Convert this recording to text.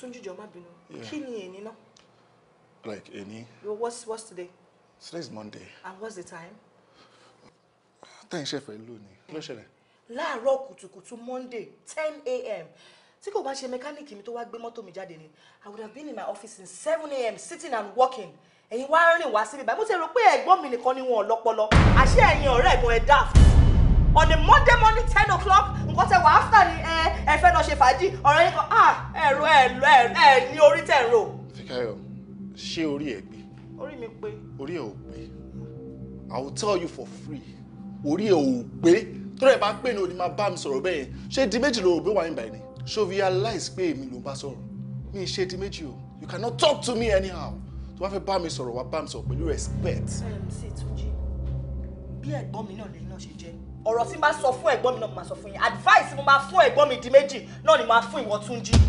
Tunji jọ̀ọ́ má bínú. Kí ni Like èní. Well, what's, what's today? Today's Monday. And ah, what's the time? Tẹ́yìn Chef. fẹ́ lò ní. Kí ló ṣẹlẹ̀? Láàárọ̀ kùtùkùtù Monday 10 a.m. Tiko ba she mechanic mẹkáníìkì mi tó wá gbé mọ́tò mi jáde ni, I would have been in my office in 7 a.m. sitting and working. Ẹ̀yin wá rìn wá síbi báyìí. Mo ti rò pé ẹ̀gbọ́n mi nìkan ni wọn ò lọ́pọlọ. Àṣé ẹ̀yin ọ̀rẹ́ ẹ̀gbọ́n ẹ̀ On a Monday morning 10 o'clock ṣe fàájì ọ̀rọ̀ yín kan ah ẹ̀rọ ẹ̀rọ ẹ̀ orí tẹ̀ ń rò. Fikayo ṣé orí ẹ pé. orí mi pé. orí ẹ ò pé I will tell you for free orí ẹ ò pé tó rẹ̀ bá pè ní òní bá mi sọ̀rọ̀ bẹ́ẹ̀ ṣé di méjì ló rò pé wà ní ìbàdàn ṣé o pé èmi ló bá sọ̀rọ̀ mi ṣe di méjì o you cannot talk to me anyhow tó bá fẹ́ bá mi sọ̀rọ̀ wá bá mi sọ̀rọ̀ pẹ̀lú respect. ẹ̀ ǹ sì tún bí ẹ̀gbọ́n mi náà lẹ́yìn náà ṣe jẹ́ ọ̀rọ̀ tí n bá sọ fún ẹ̀gbọ́n mi náà mo máa sọ fún yín advice mo máa fún ẹ̀gbọ́n mi di méjì náà ni máa fún ìwọ Túnjí